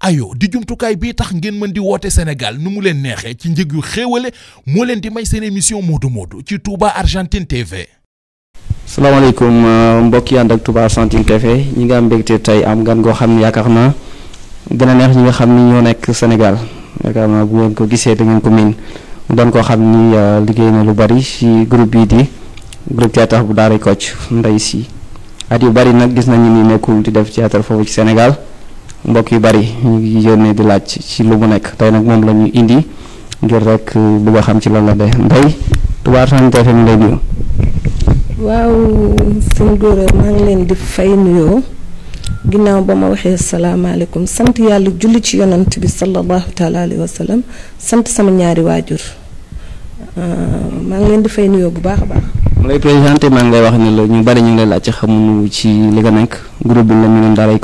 ayo di jumtukaay bii tax ngeen mën di woote Sénégal ni mu leen neexee ci njëg yu xéewale moo leen di may seen émission Modou Modou ci tuuba Argentine TV. salaamaaleykum euh, mbokk yi ànd ak Touba Argentine TV ñi nga am mbégte tey am gan goo xam ne yaakaar naa gën a xam ni ñoo nekk Sénégal yaakaar naa bu ngeen ko gisee da ngeen ko miin mu doon koo xam ni euh, liggéey na lu bari ci groupe bii di groupe théâtre bu Daaray Kocc Ndeye Sy at yu bari nag gis nañu ni nekkul di def théâtre foofu ci Sénégal. mbokk yu bari ñu ngi yónnee di laaj ci lu mu nekk tey nag moom la ñu indi ngir rek uh, bëgg xam ci lan la dee Ndeye Touba Argentine waaw sëñ Gora maa ngi leen di fay nuyoo ginnaaw ba ma waxee salaamaaleykum sant yàlla julli ci yonant bi sallallahu taala alayhi sant sama ñaari waajur uh, maa ngi leen di fay nuyoo bu baax a baax. mu lay présenté maa ngi lay wax ne la ñu bari ñu ngi lay laaj xamuñu ci li nga nekk groupe bi la ñu leen daal ay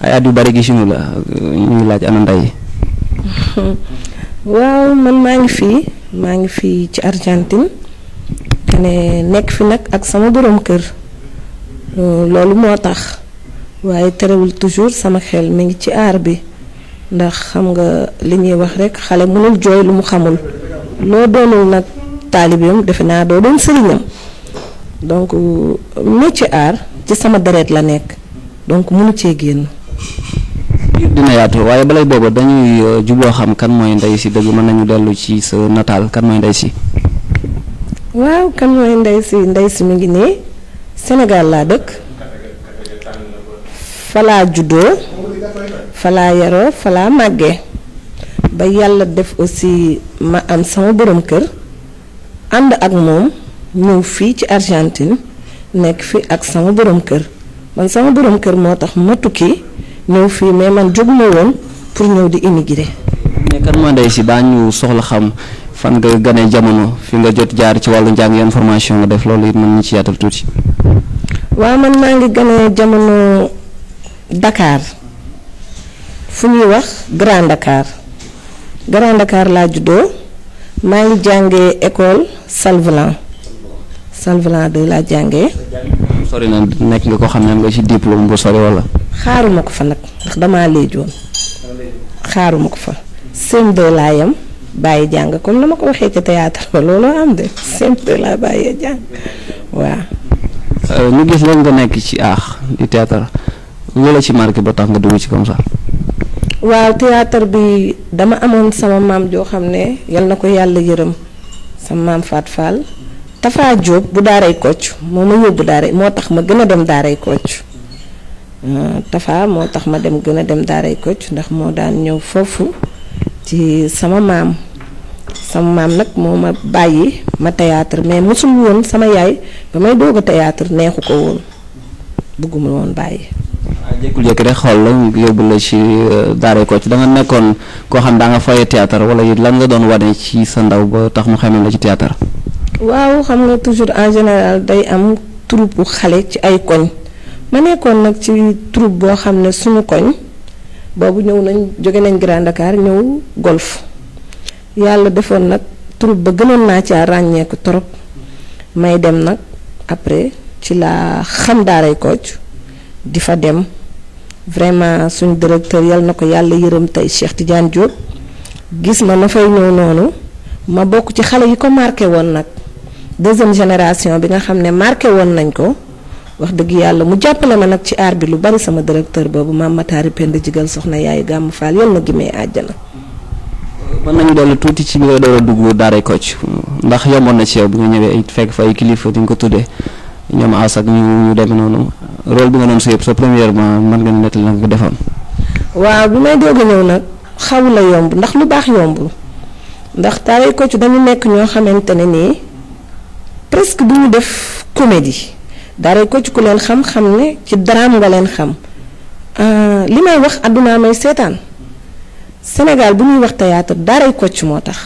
ay at yu bari gisuñu la ñu ngi laaj ana Ndeye. waaw man maa ngi fii maa ngi fii ci Argentine ne nekk fi nag ak sama boroom kër loolu moo tax waaye terewul toujours sama xel mi ngi ci aar bi ndax xam nga li ñuy wax rekk xale mënul jooy lu mu xamul loo doonul nag taalibeem defe naa doo doon sëriñam donc métier aar ci sama deret la nekk donc mënu cee génn. dina yaatu waaye balay booba dañuy uh, juboo xam kan mooy ndey si dëgg mën nañu dellu ci sa nataal kan mooy ndey si waaw kan mooy ndey si ndey si mu ngi nii Sénégal laa dëkk falaa juddoo falaa yaroo falaa màggee ba yàlla def aussi ma am sama borom kër ànd ak moom ñëw fii ci Argentine nekk fii ak sama boroom kër man sama boroom kër moo tax ma tukki ñëw fii mais man jóguma woon pour ñëw di immigré. mais kan moo si daañu soxla xam fan nga gane jamono fi nga jot jaar ci wàllu njàng yan formation nga def loolu it mën nañu ci yaatal tuuti. waaw man maa ngi gane jamono Dakar fu ñuy wax Grand Dakar Grand Dakar laa juddoo maa ngi jàngee école Salvelan Salvelan de laa jàngee. sori na nekk nga ko xam ne nga ci diplôme bu sori wala. xaaruma ko fa nag ndax damaa léejoon xaaruma ko fa sem de bàyyi jàng comme la ma ko waxee ca théâtre ba looloo am de sem de bàyyee jàng waaw. Euh, ñu gis leen nga nekk ci aax di théâtre loola ci marqué ba tax nga dugg ci comme ça. waaw théâtre bi dama amoon sama maam joo xam ne yal na ko yàlla yërëm sama maam Faat Fall Tafa Diop bu daaray Kocc moo ma yóbbu daaray moo tax ma gën a dem daaray Kocc euh, Tafa moo tax ma dem gën a dem daaray Kocc ndax moo daan ñëw foofu ci sama maam sama maam nag moo ma bàyyi ma théâtre mais mosul woon sama yaay ba may doog a théâtre neexu ko woon bëgguma woon bàyyi. Ah, jékki-jékki rek xool la yóbbu la ci euh, daaray Kocc da nga nekkoon koo xam daa nga fooye théâtre wala it lan nga doon wane ci sa ndaw ba tax mu xamee la ci théâtre waaw xam nga toujours en général day am troupe xale ci ay koñ ma nekkoon nag ci troupe boo xam ne suñu koñ boobu ñëw nañ jóge nañ Grand Dakar ñëw golf yàlla defoon nag troupe ba gënoon naa caa ràññeeku torop may dem nag après ci laa xam daaray Kocc di fa dem vraiment suñu directeur yal na ko yàlla yërëm tey Cheikh Tidiane Diop gis ma ma fay ñëw noonu ma bokk ci xale yi ko marqué woon nag. deuxième génération bi nga xam ne marqué woon nañ ko wax dëgg yàlla mu jàppale ma nag ci aar bi lu bari sama directeur boobu maam Matari Pend Jigal soxna yaayu gàmm faal yal na gimee àjjana. mën nañu dellu tuuti ci bi nga door a dugg ndax yomboon na ci yow bu nga ñëwee fekk fa ay kilifa di nga ko tuddee ñoom aas ak ñu ñu demee noonu rôle bi nga doon sa soo sa premièrement mën nga nettali na nga ko defoon. waaw bi may doog ñëw nag xaw la yomb ndax lu baax yombul ndax Daaray Kocc dañu nekk ñoo xamante ne nii. presque bu ñu def comédie dara ko ci ku leen xam xam ne ci drame nga leen xam euh, li may wax àdduna may seetaan Sénégal bu ñuy wax théâtre daaray Kocc moo tax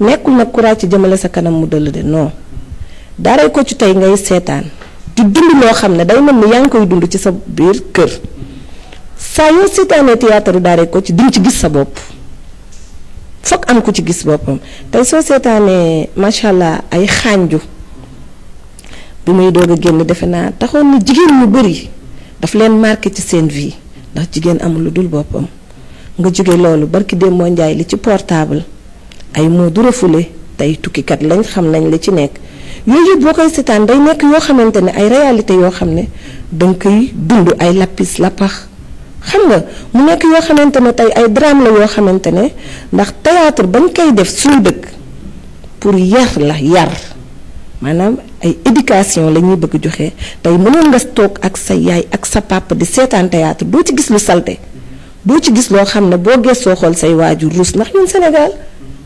nekkul nag courage ci jëmale sa kanam mu dëll de non daaray Kocc tey ngay seetaan di dund loo xam ne day mel ni yaa ngi koy dund ci sa biir kër saa yoo seetaanee théâtre daaray Kocc di ci gis sa bopp. foog am ku ci gis boppam tey soo seetaanee macha allah ay xaanju bi muy doog a génn defe naa taxoon na jigéen ñu bëri daf leen marqué ci seen vie ndax jigéen amul lu dul boppam nga jóge loolu barki démb moo njaay li ci portable ay moo du tey tukkikat lañ xam nañ la ci nekk yooyu yëpp boo koy seetaan day nekk yoo xamante ne ay réalité yoo xam ne danga koy dund ay lappis lappax xam nga mu nekk yoo xamante ne tey ay drame la yoo xamante ne ndax théâtre bañ koy def suñu dëkk pour yar la yar maanaam ay éducation la ñuy bëgg joxe tey mënoon nga toog ak sa yaay ak sa papa di seetaan théâtre doo ci gis lu salte doo ci gis loo xam ne boo gëstoo xool say waajur ruus ndax ñun Sénégal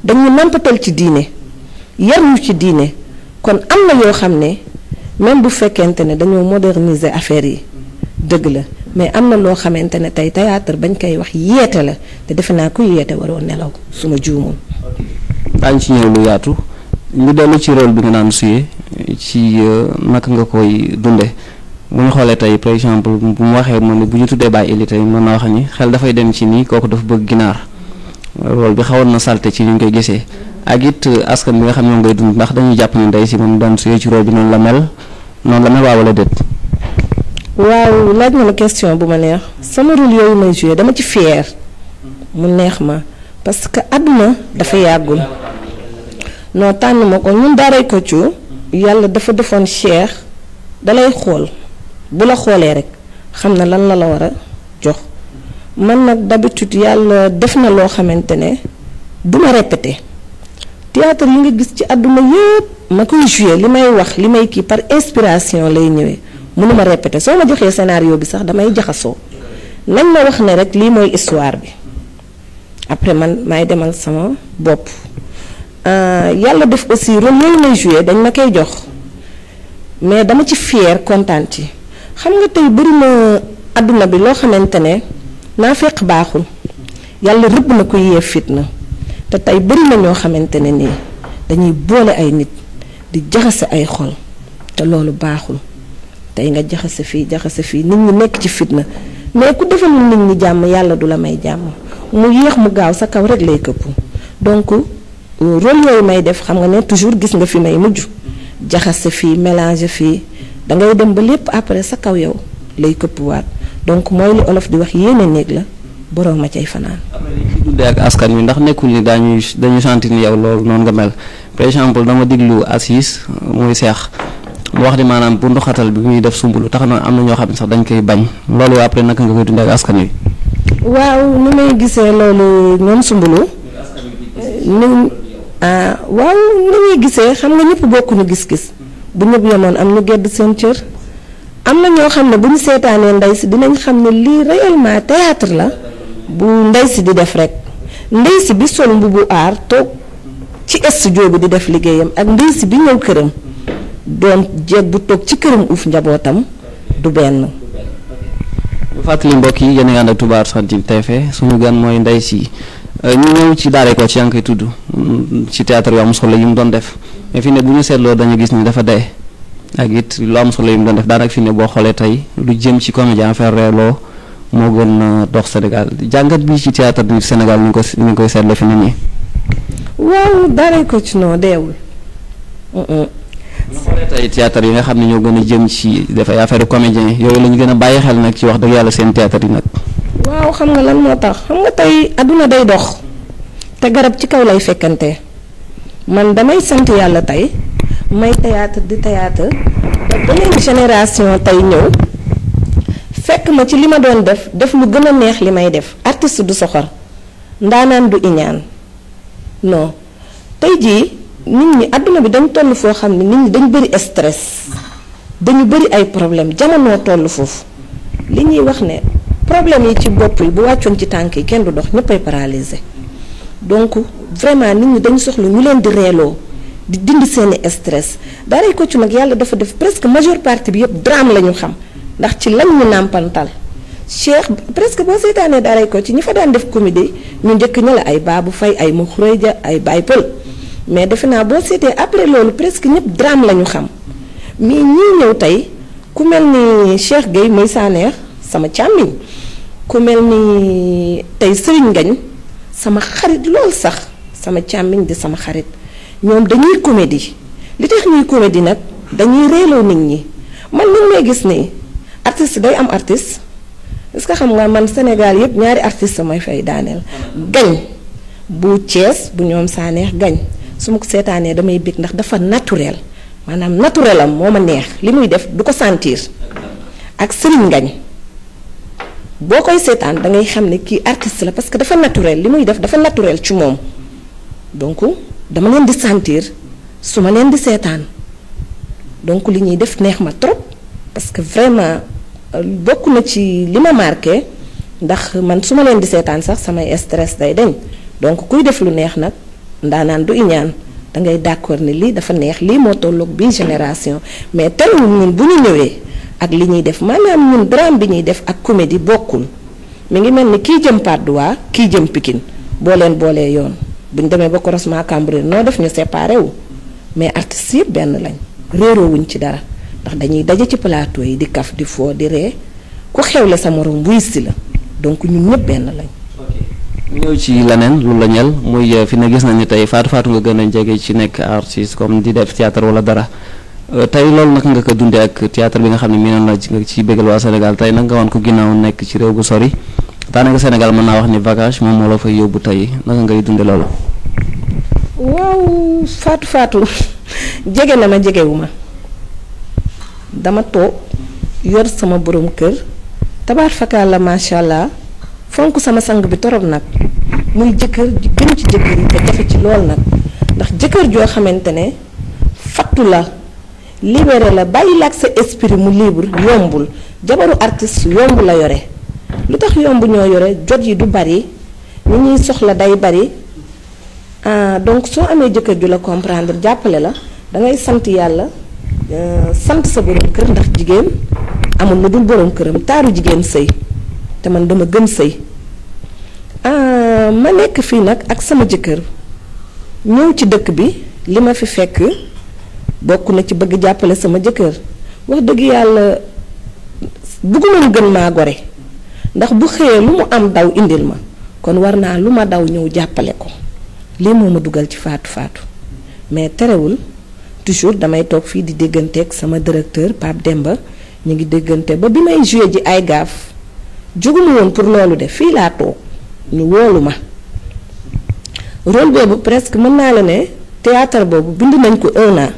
dañu nampatal ci diine yar ñu ci diine kon am na yoo xam ne même bu fekkente ne dañoo moderniser affaire yi dëgg la. mais am na loo xamante ne tey théâtre bañ koy wax yeete la te defe naa ku yeete waroo nelaw su ma juumul. ci ñëw lu yaatu ñu dellu ci rôle bi nga naan suyee ci euh, naka nga koy dunde bu ñu xoolee tey par exemple bu mu waxee moom bu ñu tuddee Baye Ely tey mën na wax ni xel dafay dem ci nii kooku dafa bëgg ginaar rôle bi xawoon na salte ci li ñu koy gisee ak it euh, askan bi nga xam ne moom ngay dund ndax dañuy jàpp ni ndey si moom daan suyee ci rôle bi noonu la mel noonu la mel waa wala déet. waaw laaj nga ma question bu ma neex sama rôle yooyu may joué dama ci fier mu neex ma parce que àdduna dafa yàggul noo tànn ma ko ñun daaray Kocc yàlla dafa defoon cheikh dalay xool bu la xoolee rek xam na lan la la war a jox man nag d'habitude yàlla def na loo xamante ne du ma répété théâtre yi nga gis ci àdduna yépp ma koy joué li may wax li may kii par inspiration lay ñëwee mënuma répéter soo ma joxee scénario bi sax damay jaxasoo nañ ma wax ne rek lii mooy histoire bi après man maay demal sama bopp euh, yàlla def aussi rôle yooyu may joué dañ ma koy jox mais dama ci fiere kontaan ci xam nga tey bëri na àdduna bi loo xamante ne naa fekk baaxul yàlla rëbb na ko yee fitna te tey bëri na ñoo xamante ne nii dañuy boole ay nit di jaxase ay xol te loolu baaxul. tey nga jaxase fii jaxase fii nit ñi nekk ci fitna mais ku defal nit ñi jàmm yàlla du la may jàmm mu yéex mu gaaw sa kaw rek lay këpp donc euh, rôle yooyu may def xam nga ne toujours gis nga fi may mujj jaxase fii mélange fii dangay dem ba lépp après sa kaw yow lay këppwaat donc mooy li olof di wax yéene néeg la borom ma cay fanaan. wi ndax nekkul ni daañu dañu sentir loolu noonu nga mel par exemple dama diglu Assis euh, mooy seex. mu wax ni maanaam bu ndoxatal bi muy def sumbulu tax na am na ñoo xam ne sax dañ koy bañ loolu yow après naka nga koy dundee ak askan wi. waaw nu may gisee loolu ñoom sumbulu. ni ah, waaw ni ñuy gisee xam nga ñëpp bokkuñu gis-gis. bu ñëpp yemoon am ñu gedd seen cër. am na ñoo xam ne bu ñu seetaanee ndey si dinañ xam ne lii réellement théâtre la bu ndey si di def rek ndey bi sol mbubu aar toog ci studio bi di def liggéeyam ak ndey bi ñëw këram. doon jeeg bu toog ci këram uuf njabootam du benn. ñu fàttali mbokk yi yéen a ngi ànd ak Touba Argentine TV suñu gan mooy ndey sii euh, ñu ñëw ci Daara Kocc yaa ngi koy tudd ci théâtre yu am solo yi mu doon def mais fi bu ñu seetloo dañu gis ni dafa dee ak it lu solo yi mu def daanaka fi ne boo xoolee tey lu jëm ci comédien faire reeloo moo gën dox Sénégal jàngat bi ci théâtre du Sénégal ñu ko ñu ngi koy seetloo fi ne nii. waaw Daara Kocc non deewul. tey théâtre yi nga xam ne ñoo gën a jëm ci dafay affaire comédien yooyu la ñu gën a bàyyi xel nag ci wax dëgg yàlla seen théâtre yi nag. waaw xam nga lan moo tax xam nga tey adduna day dox te garab ci kaw lay fekkante man damay sant yàlla tey may théâtre di théâtre te beneen génération tey ñëw fekk ma ci li ma doon def def lu gën a neex li may def artiste du soxor ndaanaan du iñaan non tey jii. nit ñi àdduna bi dañ toll foo xam ne nit ñi dañ bëri stress dañu bëri ay problème jamono toll foofu li ñuy wax ne problème yi ci bopp yi bu wàccoon ci tànk yi kenn du dox ñëppay paralysé donc vraiment nit ñi dañu soxla ñu leen di reeloo di dindi seeni stress daaray Kocc nag yàlla dafa def presque majeure partie bi yëpp drame la ñu xam ndax ci lan ñu nàmpantal cheikh presque boo seetaanee daaray Kocc ñi fa daan def comédie ñu njëkk ña la ay Babou Faye ay Mokhroja ay Baye Pël mais defe naa boo seetee après loolu presque ñëpp drame la ñu xam mais ñii ñëw tey ku mel ni Cheikh Gueye mooy Saneex sama càmmiñ ku mel ni tey Serigne Ngañ sama xarit lool sax sama càmmiñ di sama xarit ñoom dañuy comédie li tax ñuy comédie nag dañuy reeloo nit ñi man nit may gis nii artiste day am artiste est que xam nga man Sénégal yëpp ñaari artiste mooy fay daaneel gañ bu Thiès bu ñoom Saneex gañ su ma ko seetaanee damay bég ndax dafa naturel maanaam naturel am moo ma neex li muy def du ko sentir ak Serigne Ngagne boo koy seetaan da ngay xam ne kii artiste la parce que dafa naturel li muy def dafa naturel ci moom donc dama leen di sentir su ma leen di seetaan donc li ñuy def neex ma trop parce que vraiment euh, bokk na ci li ma marqué ndax man su ma leen di seetaan sax samay stress day dañ donc kuy def lu neex nag. ndaanaan du iñaan da ngay d'accord ni lii dafa neex lii moo tolloog bi génération mais terewul ñun bu ñu ñëwee ak li ñuy def maanaam ñun drame bi ñuy def ak comédie bokkul mu ngi mel ni kii jëm Patte d'Oie kii jëm pikin boo leen boolee yoon bu ñu demee ba croisement Cambérène noo def ñu séparé mais artistes yëpp benn lañ réeroowuñ ci dara ndax dañuy daje ci plateau yi di kaf di foo di ree ku xewle sa morom wuy si la donc ñun ñëpp benn lañ. mu ñëw ci leneen lu la ñel muy euh, fi na gis nañ ni tey faatu faatu nga gën a jege ci nekk artiste comme di def théâtre wala dara euh, tey loolu naka nga ko dundee ak théâtre bi nga xam ne miinoon na ci bégal waa Sénégal tey nag nga wan ko ginnaaw nekk ci réew gu sori daanaka Sénégal mën naa wax ni vacance moom moo la fay yóbbu tey naka ngay dundee loolu. waaw faatu faatu jege na ma jegewu dama toog yor sama borom kër tabaar fakkaat la fonk sama sang bi torop nag muy jëkkër gën ci jëkkër yi te jafe ci lool nag ndax jëkkër joo xamante ne fattu la libéré la bàyyi la ak sa esprit mu libre yombul jabaru artiste yomb la yore lu tax yomb ñoo yore jot yi du bari ñu ñuy soxla day bari ah, donc soo amee jëkkër ju la comprendre jàppale la da ngay sant yàlla euh, sant sa borom kër ndax jigéen amul lu dul borom këram taaru jigéen sëy te man dama gëm sëy euh, ma nekk fii nag ak sama jëkkër ñëw ci dëkk bi li ma fi fekk bokk na ci bëgg jàppale sama jëkkër wax dëgg yàlla bëgguma mu gën maa gore ndax bu xëyee lu mu am daw indil ma kon war naa lu ma daw ñëw jàppale ko lii moo ma dugal ci faatu faatu mais terewul toujours damay toog fii di dégganteeg sama directeur Pape Demba ñu ngi déggante ba bi may joué ji ay gaaf juguma woon pour loolu de fii laa toog ñu woolu ma rôle boobu presque mën naa la ne théâtre boobu bind nañ ko un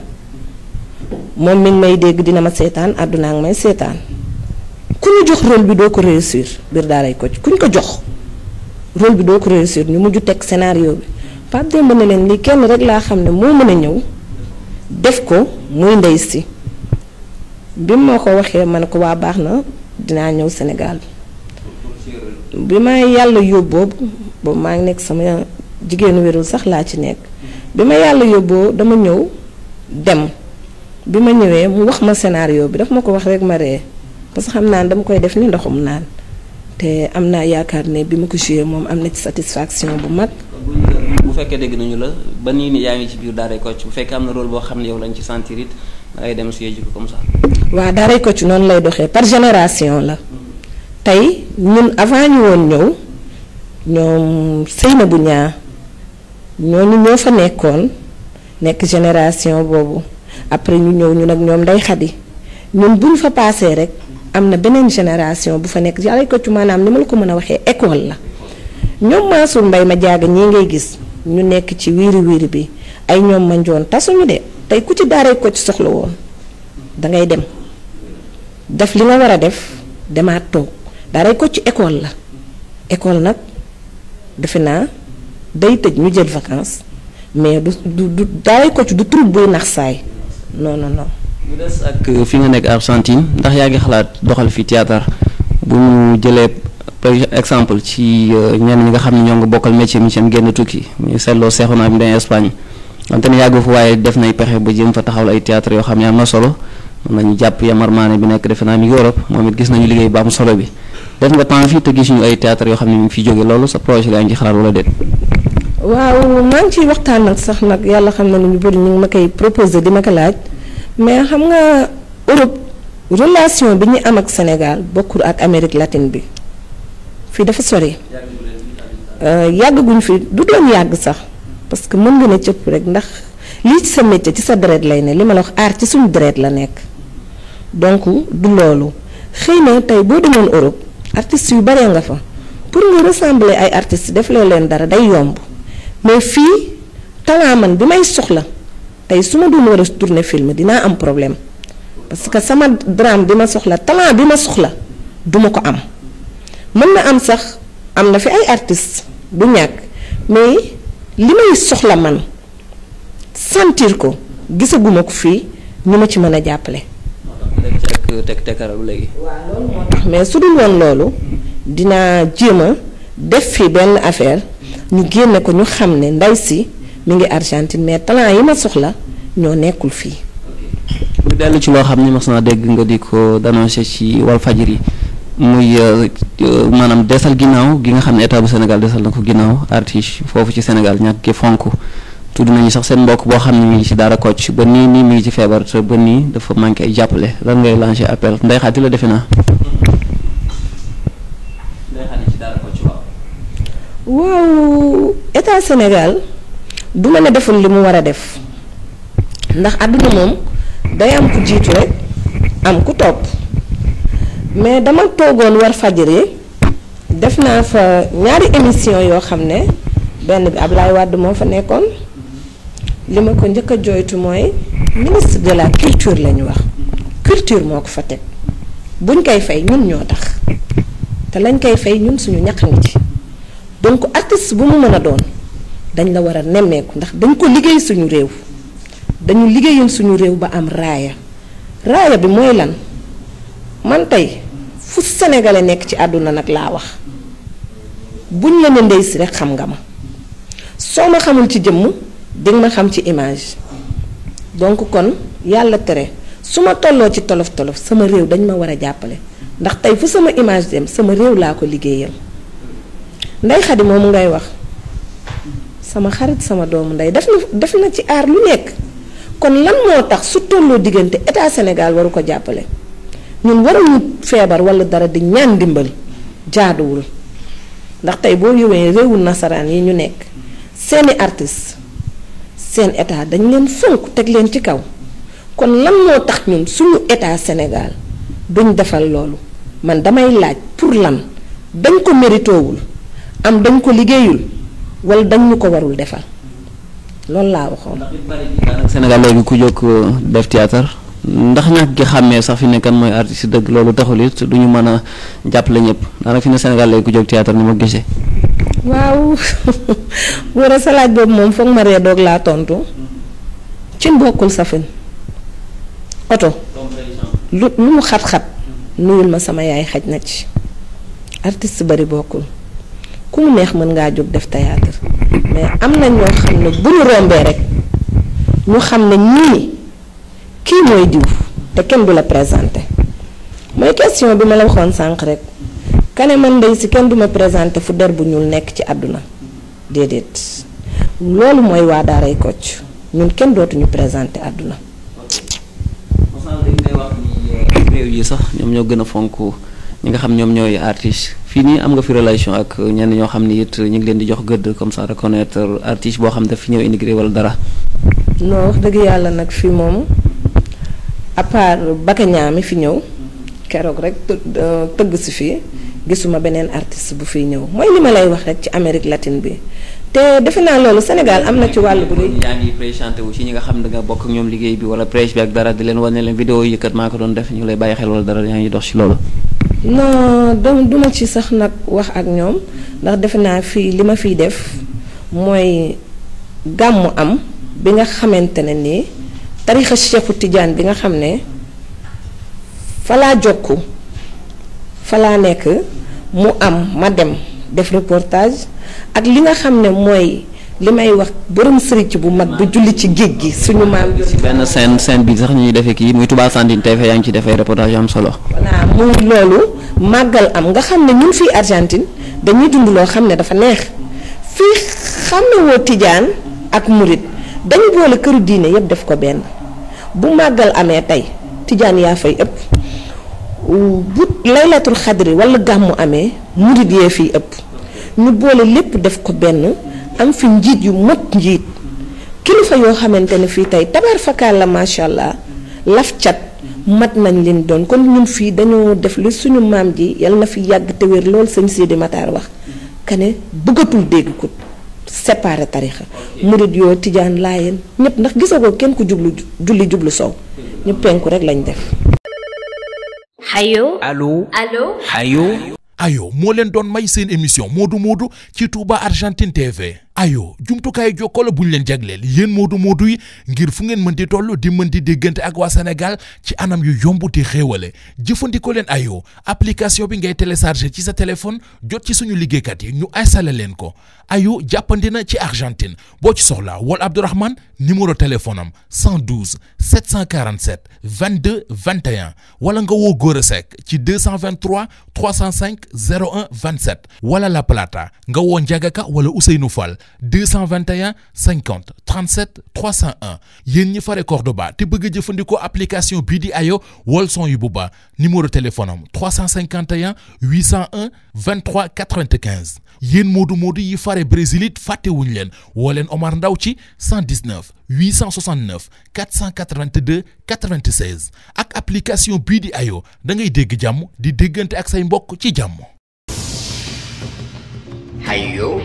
moom mi may dégg dina ma seetaan àdduna ak may seetaan ku ñu jox rôle bi doo ko réussir biir daaray ko ku ñu ko jox rôle bi doo ko réussir ñu mujj teg scénario bi Pape Demba ne leen li kenn rek laa xam ne moo mën a ñëw def ko muy ndey si bi ma ko waxee ma ne ko waa baax na dinaa ñëw Sénégal. bi ma yàlla yóbboo boobu maa ngi nekk sama jigéenu wérul sax laa ci nekk bi ma yàlla yóbboo dama ñëw dem bi ma ñëwee mu wax ma scénario bi daf ma ko wax rek ma ree parce que xam naa dama koy def ni ndoxum naan te am naa yaakaar ne bi ma ko joué moom am na ci satisfaction bu mag. bu fekkee dégg nañu la ba nii nii yaa ngi ci biir Daaray Kocc bu fekkee am na role boo xam ne yow lañ ci sentir it da ngay dem suyee ko comme ça. waaw Daaray Kocc noonu génération la. tey ñun avant ñu woon ñëw ñoom sëyna bu ñaa ñooñu ñoo fa nekkoon nekk génération boobu après ñu ñëw ñu nag ñoom day xadi ñun bu ñu fa paasee rek am na beneen génération bu fa nekk yàlla ko ci maanaam ni ma la ko mën a waxee école la ñoom Mansour Mbaye ma jaaga ñii ngay gis ñu nekk ci wiiri wiiri bi ay ñoom ma njoon tasuñu de tey ku ci daaree ko ci soxla woon da ngay dem def li nga war a def demaat toog. daaray Kocc école la école nag defe naa day tëj ñu jël vacances mais du du du daaray Kocc du troupe buy nax saay non non non. ñu des ak euh, fi nga nekk Argentine ndax yaa ngi xalaat doxal fi théâtre bu ñu jëlee per exemple ci euh, ñenn ñi nga xam ne ñoo ngi bokkal métier mi seen génn tukki ñu seetloo seexu naa bi dem Espagne wante ne yàggu fa waaye def nay pexe ba jëm fa taxaw ay théâtre yoo xam ne am na solo mën nañu jàpp Yamar Mané bi nekk defe naa mi ngi moom gis nañu liggéey ba solo bi. def nga temps fii te gisuñu ay théâtre yoo xam ne ñu fi jóge loolu sa projet la ngi xalaat wala déet. waaw maa ngi ciy waxtaan nag sax nag yàlla xam na ne ñu bëri ñu ma koy proposé di ma ko laaj mais xam nga Europe relation bi ñu am ak Sénégal bokkul ak Amérique latine bi fii dafa sori. Euh, yàgg guñ fi du doon yàgg sax parce que mën nga ne cëpp rek ndax lii sa métier ci sa deret lay ne li ma la wax aar ci suñu deret la nekk donc du loolu xëy na tey boo demoon Europe. artistes yu baree nga fa pour nga ressembler ay artistes def loo leen dara day yomb mais fii talent man bi may soxla tey su ma doon war a tourner film dinaa am problème parce que sama drame bi ma soxla talaa bi ma soxla duma ko am mën na am sax am na fi ay artistes bu ñàkk mais li may soxla man santiir ko gisaguma ko fii ñu ma ci mën a jàppale. teg tekkaralu léegi. mais su dul woon loolu. dinaa jéem a def fii benn affaire ñu génne ko ñu xam ne nday si mu ngi Argentine mais talent yi ma soxla ñoo nekkul fii. ñu dellu ci loo xam ne mas dégg nga di ko annoncé ci yi muy euh, euh, maanaam desal ginnaaw gi nga xam ne état bu Sénégal desal na ko ginnaaw artiste foofu ci Sénégal ñàkk ki fonk tudd nañu sax seen mbokk boo xam ne mi ngi ci daara Kocc ba nii nii mi ci feebar te ba nii dafa manqué ay jàppale lan ngay lancé appel Ndeye Khady la defe naa. Ndeye Khady ci daara Kocc waaw. war a def ndax àdduna moom day am ku jiitu rek am ku topp mais dama toogoon war fajiri def naa fa ñaari émission yoo xam ne benn bi Ablaye Wade moo fa nekkoon. li ma ko njëkk a jooytu mooy ministre de la culture la wax culture moo ko fa teg buñ koy fay ñun ñoo tax te lañ koy fay ñun suñu ñaq ngi ci donc artiste bu mu mën a doon dañ la war a nemmeeku ndax dañ ko liggéey suñu réew dañu liggéeyoon suñu réew ba am raaya raaya bi mooy lan man tey fu sénégalais nekk ci àdduna nag laa wax buñ la ne ndey rek xam nga ma soo ma xamul ci jëmm dinga ma xam ci image donc kon yàlla tere su ma tolloo ci tolof tolof sama réew dañ ma war a jàppale ndax tey fu sama image dem sama réew laa ko liggéeyal ndey xadi moomu ngay wax sama xarit sama doomu ndey def na def na ci aar lu nekk kon lan moo tax su tolloo diggante état Sénégal waru ko jàppale ñun waruñu feebar walla dara di ñaan ndimbal jaaduwul ndax tey boo yówee réewu nasaraan yi ñu nekk seeni artiste seen état dañ leen fonk teg leen ci kaw kon lan moo tax ñun suñu état Sénégal duñ defal loolu man damay laaj pour lan dañ ko méritoowul am dañ ko liggéeyul wala dañ ñu ko warul defal loolu laa waxoon. Sénégal léegi ku jóg euh, def théâtre ndax ñàkk gi xàmmee sax fi ne kan mooy artiste dëgg loolu taxul it du ñu mën a jàppale ñëpp daanaka fi ne Sénégal léegi ku jóg théâtre ni ma gisee. waaw war a salaaj boobu moom foog ma ree doog laa tontu cin bokkul safin oto lu lu mu xat-xat nuyul ma sama yaay xaj na ci artiste bari bokkul ku mu neex mën ngaa jóg def théâtre mais am na ñoo xam ne bu ñu rombee rek ñu xam ne ñii kii mooy diw te kenn du la présenté mooy question bi ma la waxoon sànq rek kane man ndey si kenn duma présenté fu der bu ñuul nekk ci àdduna déedéet loolu mooy waa daaray Kocc ñun kenn dootuñu présenté àdduna eh, réew yi sax ñoom ñoo gën a fonk ñi nga xam ñoom ñooy artiste fii nii am nga fi relation ak ñenn ñoo xam ni it ñu ngi leen di jox gëdd comme ça reconnaître artiste boo xam ne fi ñëw immigré wala dara non wax dëgg yàlla nag fii moom à part bakañaa mi fi ñëw keroog rek tëgg si fii gisuma beneen artiste bu fiy ñëw mooy li ma lay wax rek ci Amérique latine bi te defe naa loolu Sénégal am na ci wàll bu rëy. yaa ngi présenté wu ci ñi nga xam ne nga bokk ak ñoom liggéey bi wala presse bi ak dara di leen wane leen vidéo yi kat maa ko doon def ñu lay bàyyi xel wala dara yaa ngi dox ci loolu. non dama duma ci sax nag wax ak ñoom ndax defe naa fii li ma fiy def mooy gàmmu am bi nga xamante ne nii tarixa Cheikhu Tidiane bi nga xam ne fa laa jokku. fa laa nekk mu am ma dem def reportage ak li nga xam ne mooy li may wax borom sëriñ bu mag bu julli ci géej gi suñu maam. ci benn scène scène bi sax ñuy defee kii muy Touba Sandine tey fa yaa ngi ci defee am solo. voilà muy loolu màggal am nga xam ne ñun fii Argentine dañuy dund loo xam ne dafa neex fii xam ne woo tijaan ak murit dañu boole këru diine yëpp def ko benn bu màggal amee tey tijaan yaa fay ëpp. bu laylatul xadri wala gàmmu amee murid yee fii ëpp ñu boole lépp def ko benn am fi njiit yu mot njiit kilifa yoo xamante ne fii tey tabaar fakkaar la macha allah laf cat mat nañ leen doon kon ñun fii dañoo def li suñu maam ji yal na fi yàgg te wér lool sëñ Sidi Matar wax kane bëggatul dégg ko séparé tarixa murid yoo tijaan laayeen ñëpp ndax gisagoo kenn ku jublu julli jublu sow ñu penku rek lañ def ayo allo allo ayo ayo moo leen doon may seen émission Modou moodou ci Touba Argentine TV ayo jumtukaay jokkoo la bu ñu leen jagleel yéen moodu moodu yi ngir fu ngeen mën di toll di mën di déggante ak waa Sénégal ci anam yu yomb te xéewale jëfandikoo leen ayo application bi ngay télécharger ci sa téléphone jot ci suñu liggéeykat yi ñu installé leen ko ayo jàppandi na ci Argentine boo ci soxla wol Abdourahmane numéro téléphone am 112 747 22 21 wala nga woo Gora Seck ci 223 305 01 27 wala La Plata nga woo Ndiaga Ka wala Ousseynou Fall 221 50 37 301 yéen ñi fare Cordoba te bëgg a jëfandikoo application bii di ayo wol son yu bu baax numéro téléphone am 351 801 23 95 yéen moodu moodu yi fare Brésil it fàttewuñu leen woo leen Omar Ndaw ci 119 869 482 96 ak application bii di ayo da ngay dégg jàmm di déggante ak say mbokk ci jàmm. Ayo.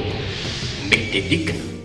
mbégte dikk na